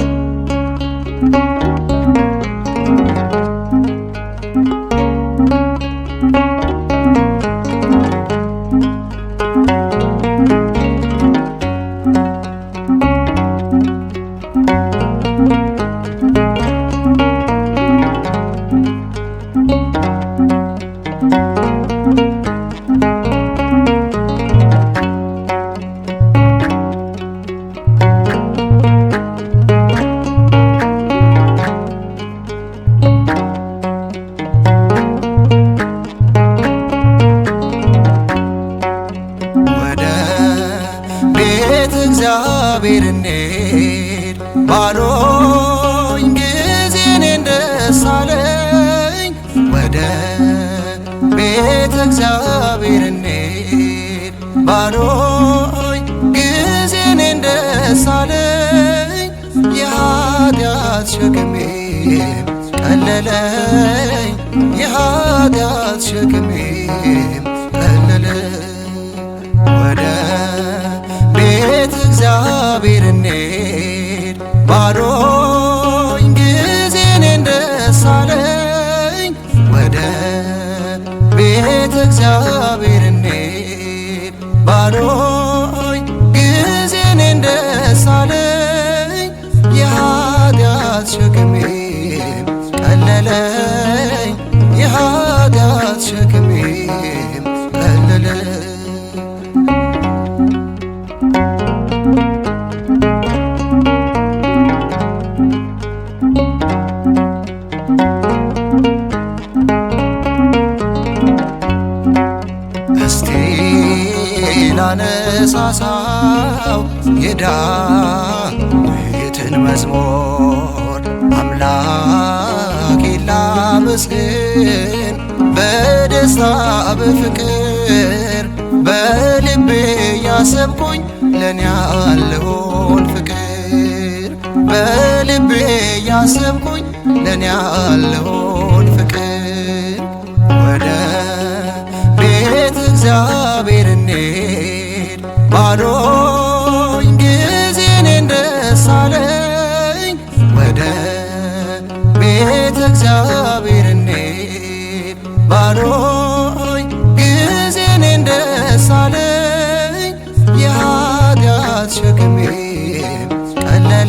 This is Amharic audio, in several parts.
you ወደ ቤተ እግዚአብሔር እንሂድ ባዶኝ ጊዜን እንደሳለኝ የኃጢአት ሸክሜ ቀለለኝ የኃጢአት ሸክሜ ወደ ቤተ እግዚአብሔር እንሂድ ባዶ ቤት እግዚአብሔር እንሂድ ባዶ እንዳነሳሳው የዳዊትን መዝሙር አምላኬ ላመስግን በደስታ በፍቅር በልቤ ያሰብኩኝ ለእኔ ያለውን ፍቅር በልቤ ያሰብኩኝ ለእኔ ያለውን ፍቅር ወደ ቤት እግዚአብሔር እኔ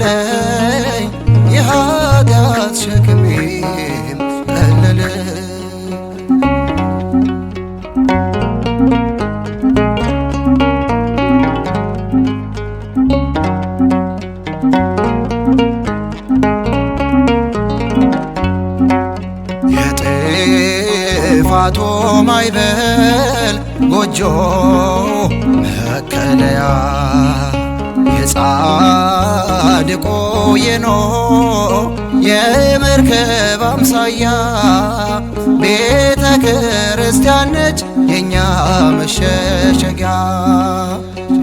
ነኝ የኃጢአት ሸክሜም ቀለለ። የጥፋቱ ማዕበል ጎጆ መከለያ የጻድቆ የኖህ የመርከብ አምሳያ ቤተ ክርስቲያን ነች የእኛ መሸሸጊያ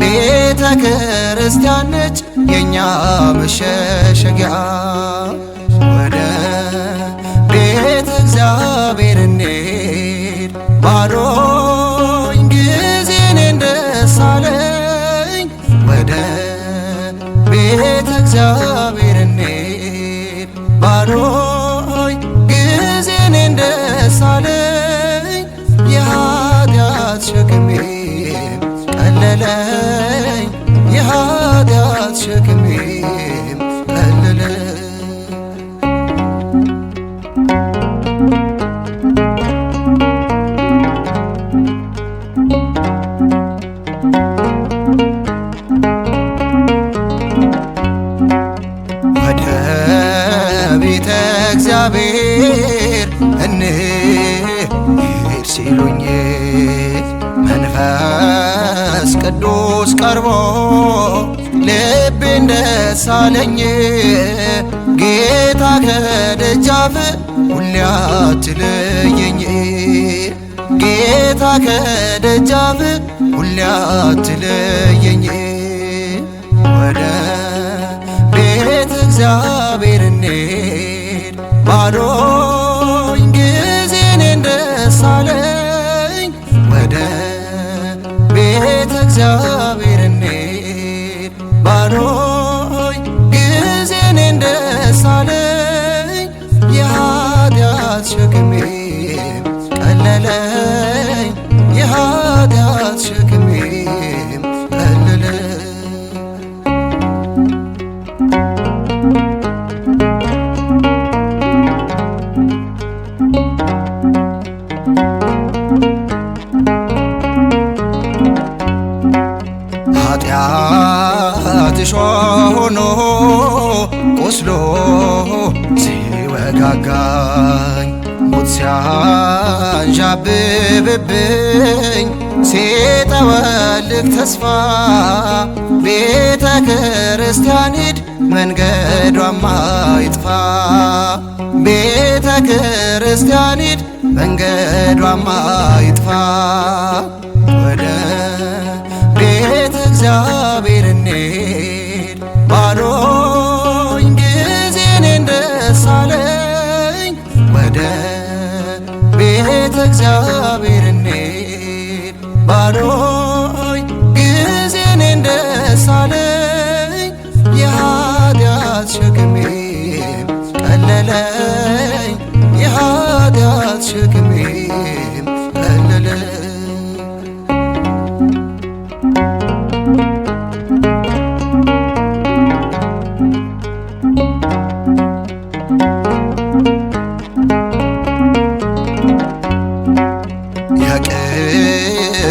ቤተ ክርስቲያን ነች የእኛ መሸሸጊያ जा መንፈስ ቅዱስ ቀርቦ ልቤን ደስ አለኝ። ጌታ ከደጃፍ ሁሌ አትለየኝ፣ ጌታ ከደጃፍ ሁሌ አትለየኝ። ወደ ቤት እግዚአብሔር እንሄድ ባዶ እግዚአብሔር እንዴት ባዶኝ ጊዜን እንደሳለኝ የኃጢአት ሸክሜ ቀለለኝ የኃጢአት ሸክሜ ትንሿ ሆኖ ቆስሎ ሲወጋጋኝ ሞት ሲያንዣብብብኝ ሲጠወልግ ተስፋ ቤተ ክርስቲያን ሂድ መንገዷማ ይጥፋ ቤተ ክርስቲያን ሂድ መንገዷማ ይጥፋ ወደ ቤተ እግዚአብሔር እግዚአብሔር እንሂድ ባዶኝ ጊዜን እንደሳለኝ የኃጢአት ሸክሜም ቀለለ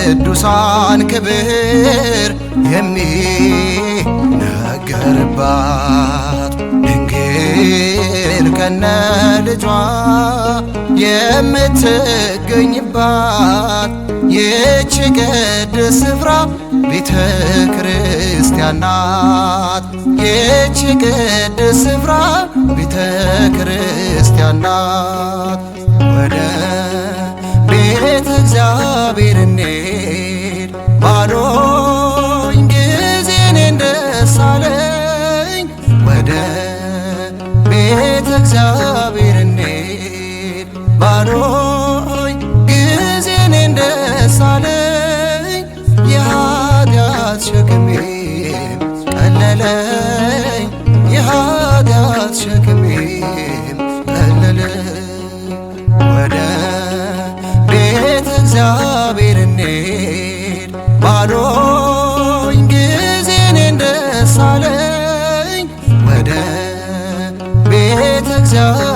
የቅዱሳን ክብር የሚነገርባት ድንግል ከነ ልጇ የምትገኝባት ይህች ቅድስት ስፍራ ቤተ ክርስቲያን ናት። ይህች ቅድስት ስፍራ ቤተ ክርስቲያን ናት። ወደ አቃለለኝ የኃጢአት ሸክሜም ቀለለ። ወደ ቤተ እግዚአብሔር እንሂድ ባዶኝ ጊዜ ደስ አለኝ ወደ እግዚአብሔር